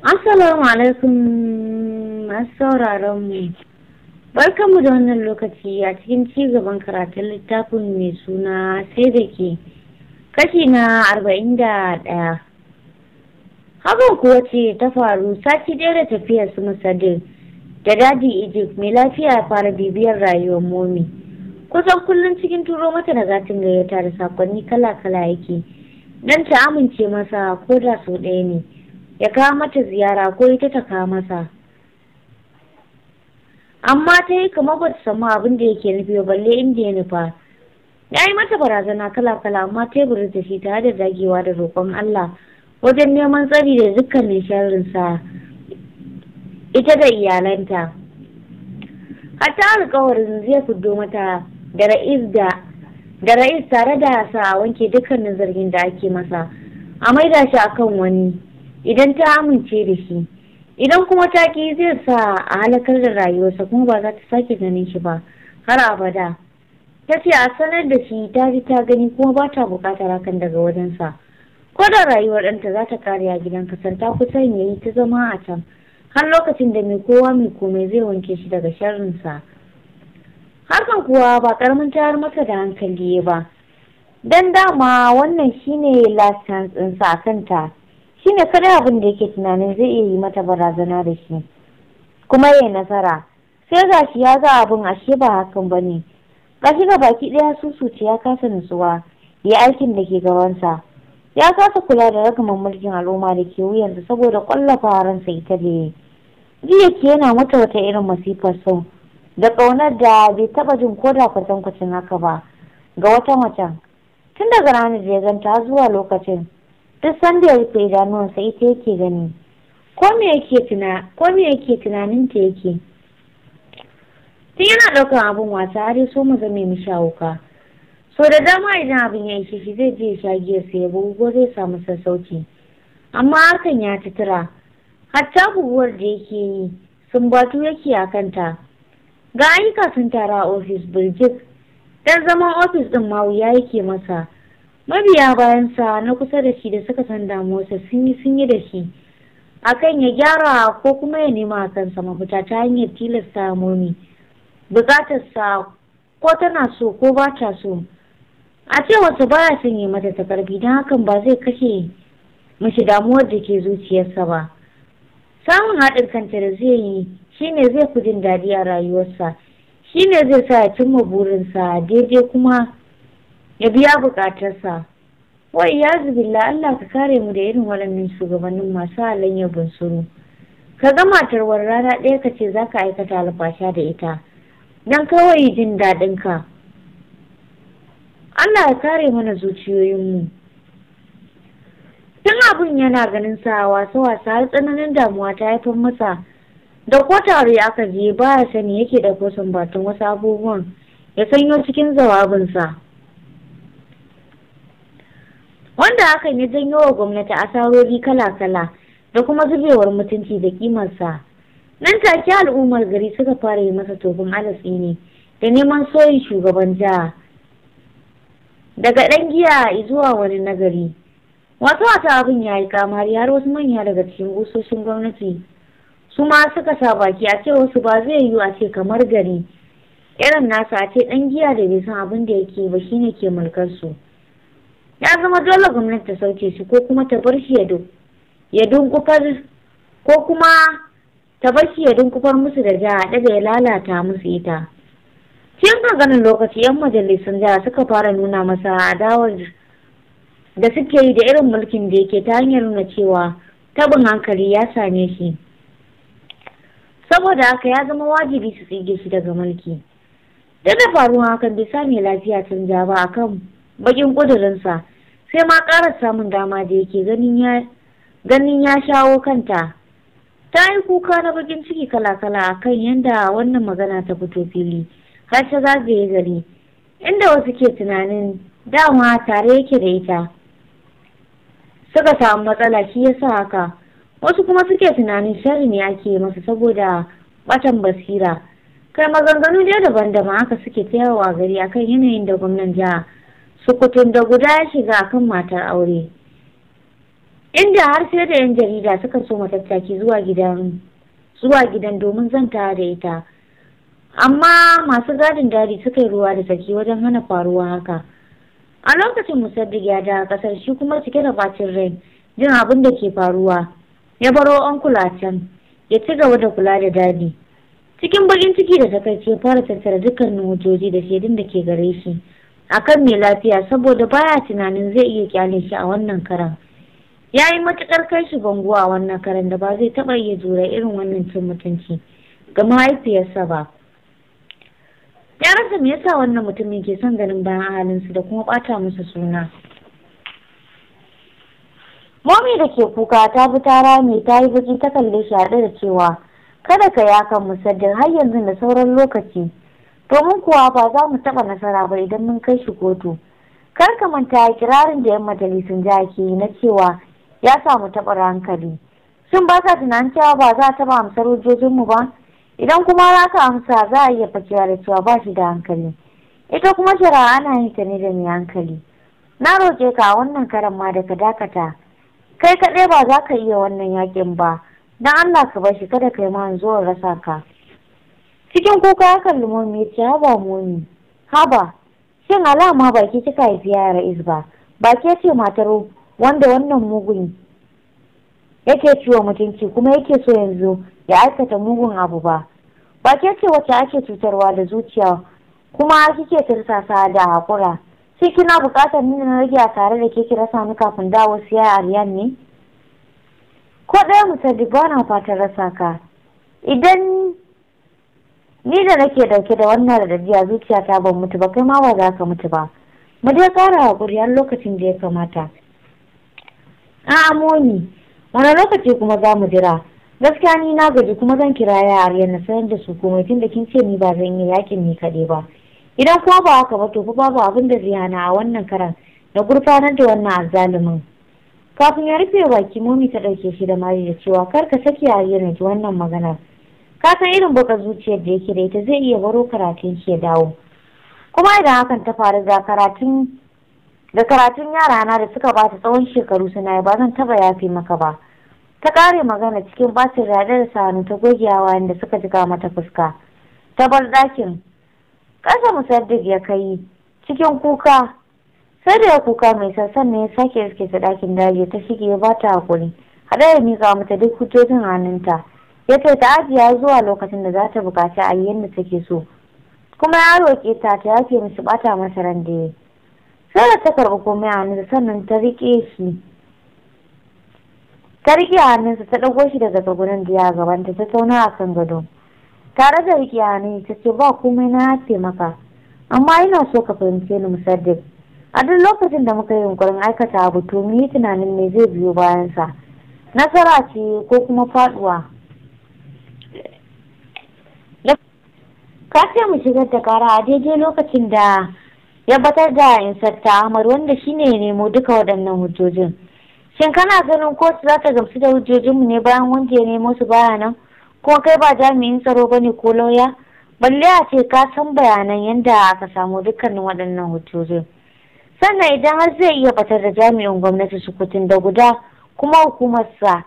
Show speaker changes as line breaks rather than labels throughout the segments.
Assalamu alaikum masu sauraron mu. Barkanmu da wannan lokaci a cikin ci gaban karatun littafin mai suna sai da ke kashi na arba'in da ɗaya. Hakan kuwa ce ta faru sati ɗaya da tafiyar su Musadin da daji Egypt mai lafiya ya fara bibiyar rayuwar momi. Kusan kullum cikin turo mata da zatin gayyata da sakonni kala-kala yake don ta amince masa ko da sau ɗaya ne. ya kawo mata ziyara ko ita ta kawo masa amma ta yi kamar ba ta samu abin da yake nufi ba balle inda ya nufa ya yi mata barazana kala-kala amma ta yi da shi tare da dagewa da roƙon Allah wajen neman tsari da dukkanin sharrinsa ita da iyalanta hatta alkawarin zai fuddo mata da ra'is da da ra'is tare da sa wanke dukkanin zargin da ake masa a maida shi akan wani idan ta amince da shi idan kuma ta ki zai sa a halakar da rayuwarsa kuma ba za ta sake ganin shi ba har abada ta ce a sanar da shi ta ji ta gani kuma ba ta bukatar hakan daga wajensa ko da rayuwar ɗanta za ta kare a gidan kasar ta kusan ya yi ta zama a can har lokacin da mai kowa mai komai zai wanke shi daga sharrinsa hakan kuwa ba karamin tayar masa da hankali ba don dama wannan shine last chance ɗinsa a kanta shi ne kada abin da yake tunanin zai iya yi mata barazana da shi kuma ya nasara sai ga shi ya ga abin ashe ba hakan ba ne gashi ga baki ɗaya ce ya kasa nutsuwa ya aikin da ke gabansa ya kasa kula da ragaman mulkin al'umma da ke wuyansa saboda kwallafa ransa ita da ya jiya ke yana mata wata irin masifar sau da ƙaunar da bai taɓa jin ko da kwatankwacin haka ba ga wata macen tun daga ranar da ya ganta zuwa lokacin duk sanda ya rufe ita yake gani ko me yake tuna yake tunanin ta yake tun yana ɗaukar abin wasa har ya so mu zame mu sha wuka so da dama idan abin ya ishe shi zai je sha giyar sai ya bugu zai samu sassauci amma hakan ya tutura hatta buguwar da yake yi sumbatu yake a kanta ga ayyuka sun tara a ofis birgit dan zaman ofis ɗin ma wuya yake masa mabiya bayansa na kusa da shi da suka san damuwarsa sun yi sun yi da shi akan ya gyara ko kuma ya nema a kansa mafita ta hanyar tilasta murni bukatarsa ko tana so ko ba ta so a wasu baya son yi mata ta karfi don hakan ba zai kashe mace damuwar da ke zuciyarsa ba samun haɗin kanta da zai yi shine zai fi jin daɗi a rayuwarsa ne zai sa ya cimma burinsa daidai kuma ya biya bukatarsa wai ya zubilla Allah ka kare mu da irin waɗannan shugabannin masu halayyar suru ka ga matar rana ɗaya ka ce za ka aikata albasha da ita don kawai jin daɗin ka Allah ya kare mana zuciyoyinmu tun abin yana ganin sa wasa-wasa har tsananin damuwa ta haifar masa da ko ya aka je ba ya sani yake da kosan batun wasu abubuwan ya sanyo cikin zawabinsa. aka yi ya janyo wa gwamnati asarori kala-kala da kuma zubewar mutunci da kimarsa nan take al'ummar gari suka fara yi masa tofin alatsi ne da neman soyin shugaban jiha daga ɗan giya zuwa wani nagari wasu wata abin ya yi kamari har wasu manya daga cikin kusoshin gwamnati su ma suka sa baki a ce wasu ba zai yiwu a ce kamar gari irin nasa a ce ɗan giya da bai san abin da yake ba shine ke mulkar su. ya zama dole gwamnati ta sauke shi ko kuma ta bar shi ya dunkufar ko kuma ta bar shi ya dunkufar musu da jiha daga ya lalata musu ita cikin ganin lokaci yan majalisun jiha suka fara nuna masa adawar da suke yi da irin mulkin da yake ta hanyar nuna cewa tabin hankali ya same shi saboda haka ya zama wajibi su tsige shi daga mulki duk da faruwa hakan bai sami lafiya canja ba akan bakin ƙudurinsa sai ma ƙara samun dama da yake ganin ya shawo kanta ta yi kuka na bakin ciki kala-kala a kan yadda wannan magana ta fito fili har ta zagaye gari inda wasu ke tunanin dama tare yake da ita suka samu matsala shi yasa haka wasu kuma suke tunanin shari ne ake masa saboda batan basira kai maganganu dai daban-daban haka suke ta yawa gari akan yanayin da gwamnan jiha sukutun da guda ya shiga a kan matar aure inda har sai da yan jarida suka so matattaki zuwa gidan zuwa gidan domin zanta da ita amma masu gadin dadi suka yi ruwa da saki wajen hana faruwa haka a lokacin musaddiq ya da kasar shi kuma cike da bacin rai jin abin da ke faruwa ya baro an kula can ya ci gaba da kula da dadi cikin bakin ciki da takaici ya fara tattara dukkanin hujjoji da shaidun da ke gare shi akan mai lafiya saboda baya tunanin zai iya kyale shi a wannan karan ya yi matuƙar kai shi bango a wannan karan da ba zai taɓa iya jura irin wannan cin mutunci ga mahaifiyarsa ba ya rasa me yasa wannan mutumin ke son ganin bayan halinsu da kuma ɓata musu suna momi da ke kuka ta bi ta rame ta yi baki ta kalle shi haɗe da cewa kada ka yakan musaddin har yanzu da sauran lokaci domin kuwa ba za mu taɓa nasara ba idan mun kai shi kotu kar ka manta kirarin da yan majalisun jihar ke na cewa ya samu taɓar hankali shin ba ka tunanin cewa ba za a taɓa amsar hujjojinmu ba idan kuma za ka amsa za a iya fakewa da cewa ba shi da hankali ita kuma shari'a ana yin ta ne da mai hankali na roƙe ka a wannan karan ma da ka dakata kai kaɗai ba za ka iya wannan yaƙin ba don allah ka bashi, kada kai ma zuwa rasa ka cikin kuka ya kalli momi ya ce haba momi haba shin alama ba ke kika haifi ya ra'is ba ke ce matar wanda wannan mugun yake ciwo mutunci kuma yake so yanzu ya aikata mugun abu ba ba ke ce wacce ake cutarwa da zuciya kuma kike tirsasa da hakura Shin kina buƙatar nuna na rage a tare da ke kira sami kafin dawo su ya ariyan ne ko ɗaya musaddiq ba na fatan rasa ka idan ni da nake dauke da wannan radadiya ta ban mutu ba kai ma ba za ka mutu ba mu dai kara hakuri har lokacin da ya kamata a amoni wani lokaci kuma za mu jira gaskiya ni na gaji kuma zan kira yara na sanar da su kuma tun da kin ce ni ba zan yi yakin ni kaɗai ba idan kuma ba haka ba to fa babu abin da zai hana a wannan karan na gurfanar da wannan azzalumin kafin ya rufe baki momi ta ɗauke shi da mari da cewa kar ka saki yare na ji wannan maganar ka san irin buga zuciyar da yake da ita zai iya baro karatun ke dawo kuma idan hakan ta faru da karatun da karatun yarana da suka ba ta tsawon shekaru suna yi ba zan taba yafe maka ba ta kare magana cikin bacin rada da sanu ta gogewa inda suka jiga mata fuska ta bar dakin kasa musaddiq ya kai cikin kuka sai da kuka mai sassan ne ya sake riske ta dakin daji ta shige ba ta hakuri hada ya mika mata duk hujjojin hannunta ya ce ta ajiya zuwa lokacin da za ta bukaci a yadda take so kuma ya roƙe ta ta yafe musu bata masa ran da ya sai da ta karɓi komai a hannunsa sannan ta riƙe shi ta riƙe hannunsa ta ɗago shi daga tsagunan da ya gabanta ta tauna a kan gado tare da riƙe hannun ta ce ba komai na yafe maka amma ina so ka fahimce ni musaddiq a duk lokacin da muka yi yunkurin aikata abu to mu yi tunanin me zai biyo bayansa nasara ce ko kuma faɗuwa kafin mu shigar da kara a daidai lokacin da ya batar da insarta ahmad wanda shine ya nemo duka waɗannan hujjojin shin kana ganin kotu za ta gamsu da hujjojinmu ne bayan wanda ya nemo su baya nan kuma kai ba jami'in tsaro ba ne ko lauya balle a ce ka san bayanan yadda aka samu dukkanin waɗannan hujjojin sannan idan har zai iya batar da jami'in gwamnati su sukutun da guda kuma hukumarsa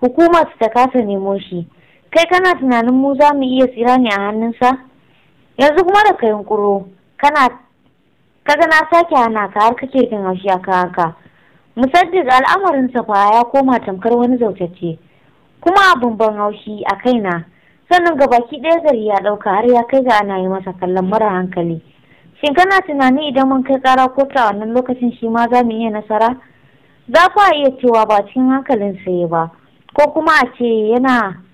hukumarsa ta kasa nemo shi kai kana tunanin mu za mu iya tsira ne a hannunsa yanzu kuma da kai kuro kana kaga na sake hana ka har kake kin haushi aka haka musaddiq al'amarin fa ya koma tamkar wani zautacce kuma abun ban haushi a kaina sannan ga baki ɗaya gari ya ɗauka har ya kai ga ana yi masa kallon mara hankali shin kana tunani idan mun kai ƙara kotu a wannan lokacin shi ma za mu iya nasara za ku iya cewa ba cikin hankalin sai ba ko kuma a ce yana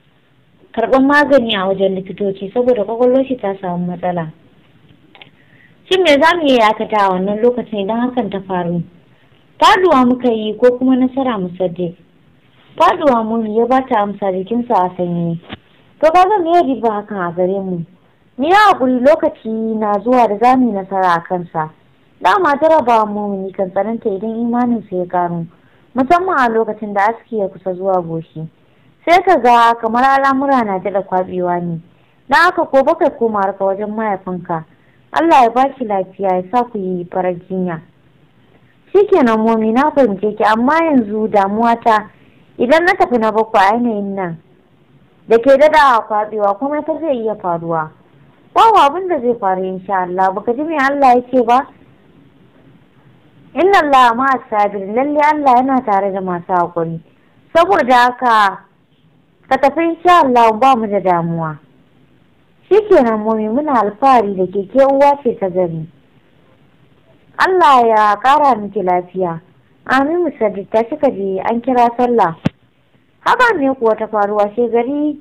karɓar magani a wajen likitoci saboda kwakwalwar shi ta samu matsala shin me za mu iya yakata a wannan lokacin idan hakan ta faru faduwa muka yi ko kuma nasara mu sadde. faduwa mu ya ba ta amsa jikinsa a sanyi to ka zan iya riba hakan a gare mu ni ya hakuri lokaci na zuwa da za mu yi nasara a kansa dama jaraba mumini kan tsananta idan imaninsa ya karu musamman a lokacin da aski ya kusa zuwa goshi. sai ka ga kamar al'amura na jada kwaɓewa ne don haka ko baka koma harka wajen mahaifinka Allah ya baki lafiya ya sa ku yi farar jinya shikenan momi na fahimce ki amma yanzu damuwa ta idan na tafi na bakwa a yanayin nan da ke daɗa kwaɓewa kuma ta zai iya faruwa babu abin da zai faru insha Allah baka ji me Allah ya ce ba inna Allah ma sabir lalle Allah yana tare da masu haƙuri saboda haka ka tafi insha Allah ba mu da damuwa shikenan mummi muna alfahari da keke uwa ce ta gani Allah ya kara miki lafiya Aminu Sadiq ta cika je an kira sallah haka ne kuwa ta faruwa sai gari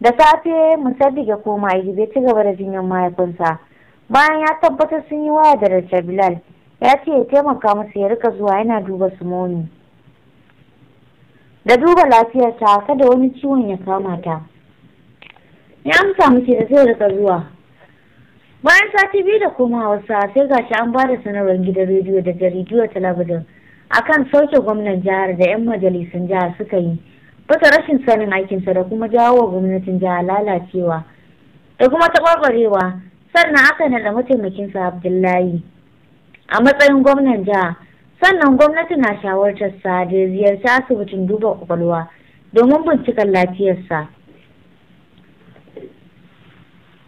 da safe Musaddiq ga koma yi bai ci gaba da jinyar mahaifinsa bayan ya tabbatar sun yi waya da Rasha Bilal ya ce ya taimaka masa ya rika zuwa yana duba su mummi. da duba lafiyarta kada wani ciwon ya kama ta ya amsa mace da zai rika zuwa bayan sati biyu da kuma hausa, sai gashi an ba da sanarwar gidan rediyo da jaridiyar talabijin a kan sauke gwamnan jihar da 'yan majalisun jihar suka yi bata rashin sanin aikinsa da kuma jawo wa gwamnatin jihar lalacewa da kuma taɓarɓarewa sannan aka naɗa mataimakinsa abdullahi a matsayin gwamnan jihar sannan gwamnati na shawartar sa da ziyarci asibitin duba kwakwalwa domin binciken lafiyarsa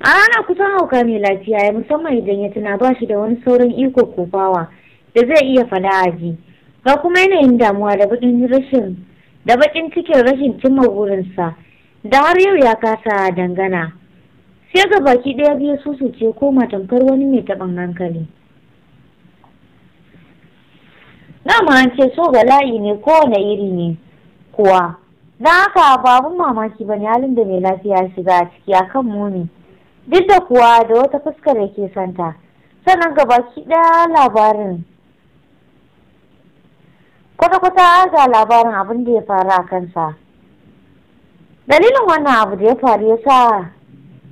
a ranar kusan hauka mai lafiya ya musamman idan ya tuna ba shi da wani saurin iko ko bawa da zai iya fada a ji ga kuma yanayin damuwa da bakin rashin da bakin cikin rashin cimma burinsa da har yau ya kasa dangana sai ga baki ɗaya biyu susu ce ko matamkar wani mai taɓin hankali dama an ce so bala'i ne kowane iri ne kuwa don haka babun mamaki ba ne halin da mai lafiya shiga a ciki akan muni duk da kuwa da wata fuskar yake santa sannan gabaki ɗaya labarin kwata-kwata ga labarin abin da ya faru a kansa dalilin wannan abu da ya faru ya sa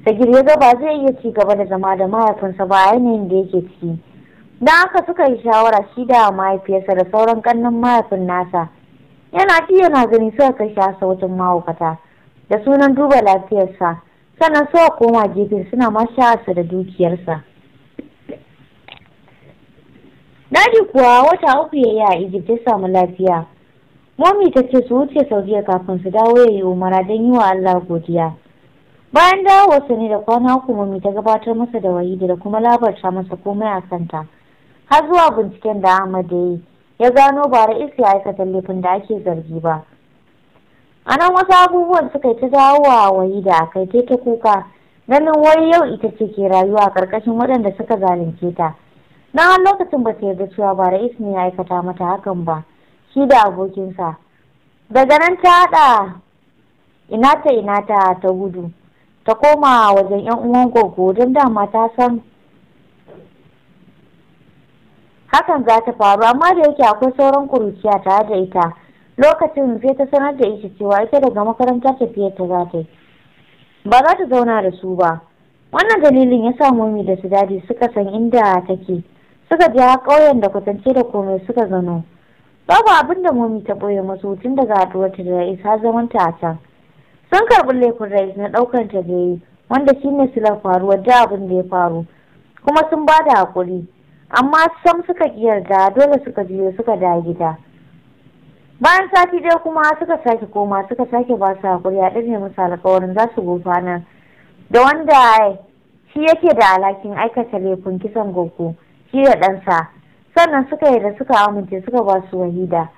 sagir ya gaba zai iya ci gaba da zama da mahaifinsa ba yanayin da yake ciki don aka suka yi shawara shi da mahaifiyarsa da sauran kannan mahaifin nasa yana ci yana gani suka kai shi asibitin mahaukata da sunan duba lafiyarsa sannan suka koma gefe suna ma su da dukiyarsa daji kuwa wata uku ya yi a egypt ya samu lafiya Mami ta ce su wuce sau saudiya kafin su dawo ya yi umara don yi wa allah godiya bayan dawowarsa ne da kwana uku mami ta gabatar masa da wahidi da kuma labarta masa komai a kanta har zuwa binciken da Ahmad ya yi ya gano ba ra'isi ya aikata laifin da ake zargi ba. A nan wasu abubuwan suka yi ta wa wayi da aka ta ta kuka ganin wai yau ita ce ke rayuwa ƙarƙashin waɗanda suka zalunce ta. Na har lokacin ba ta yarda cewa ba ra'isi ne ya aikata mata hakan ba shi da abokinsa. Daga nan ta haɗa inata inata ta gudu ta koma wajen 'yan uwan gogo don dama ta san hakan za ta faru amma da yake akwai sauran kuruciya tare da ita lokacin sai ta sanar da ita cewa ita daga makaranta tafiyar ta za ta yi ba za ta zauna da su ba wannan dalilin ya sa momi da su dadi suka san inda take suka je ƙauyen da kwatance da komai suka gano babu abin da momi ta ɓoye masu tun daga haɗuwar ta da isa zaman ta a can sun karɓi laifin rais na ɗaukar ta da yi wanda shine silar faruwar da abin da ya faru kuma sun ba da haƙuri amma sam suka yarda dole suka biyo suka da gida bayan sati ɗaya kuma suka sake koma suka sake ba su hakuri a ne musu alƙawarin za su gurfanar da wanda shi yake da alhakin aikata laifin kisan goko shi da ɗansa sannan suka yi da suka amince suka ba su wahida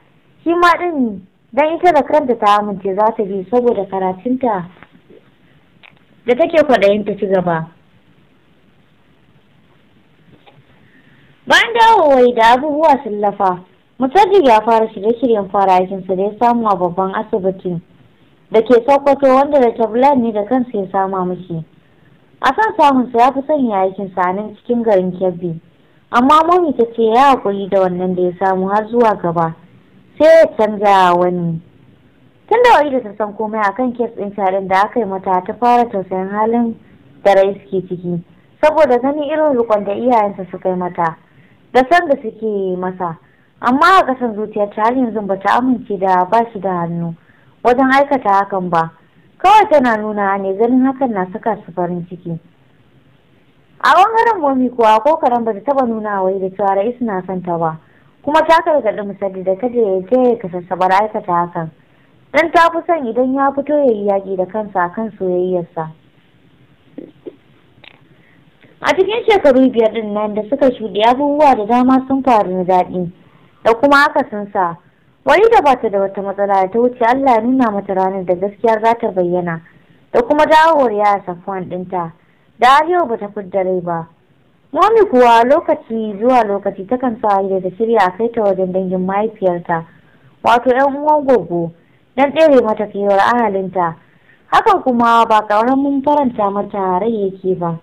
shi ma ɗin dan ita da kanta ta amince za ta bi saboda karatunta da take kwaɗayin ta ci gaba bayan dawowai da abubuwa sun lafa musaddiq ya fara shirye-shiryen fara aikinsa da ya samu a babban asibiti da ke sokoto wanda da tablan ne da kansa ya sama mashi a samun samunsa ya fi sanya aikinsa a nan cikin garin kebbi amma mami ta ce ya haƙuri da wannan da ya samu har zuwa gaba sai ya canza wani tun da wari da ta san komai a kan kes ɗin shaɗin da aka yi mata ta fara tausayin halin da rai suke ciki saboda ganin irin rukon da iyayensa suka yi mata da san da suke masa amma a kasan zuciyarta har yanzu ba ta amince da ba shi da hannu wajen aikata hakan ba kawai tana nuna ne ganin hakan na saka su farin ciki a bangaren momi kuwa ko karan ba ta taba nuna wai da cewa ra'is na son ta ba kuma ta gargaɗi misali da kada ya je ya aikata hakan dan ta fi son idan ya fito ya yi yaƙi da kansa kan soyayyarsa a cikin shekaru biyar din nan da suka shuɗe abubuwa da dama sun faru na daɗi da kuma aka sun sa wani da bata da wata matsala ta wuce Allah ya nuna mata ranar da gaskiya za ta bayyana da kuma dawowar ya safuwan ɗinta da har yau bata fidda rai ba Mami kuwa lokaci zuwa lokaci takan sa da ta shirya a kai ta wajen dangin mahaifiyarta wato 'yan uwan gogo dan ɗere mata kewar ahalinta hakan kuma ba ƙaramin faranta mata rai yake ba.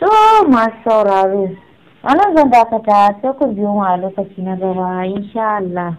To masu sauraro, a nan zan dakata sai ku biyo mu a lokaci na gaba, insha Allah.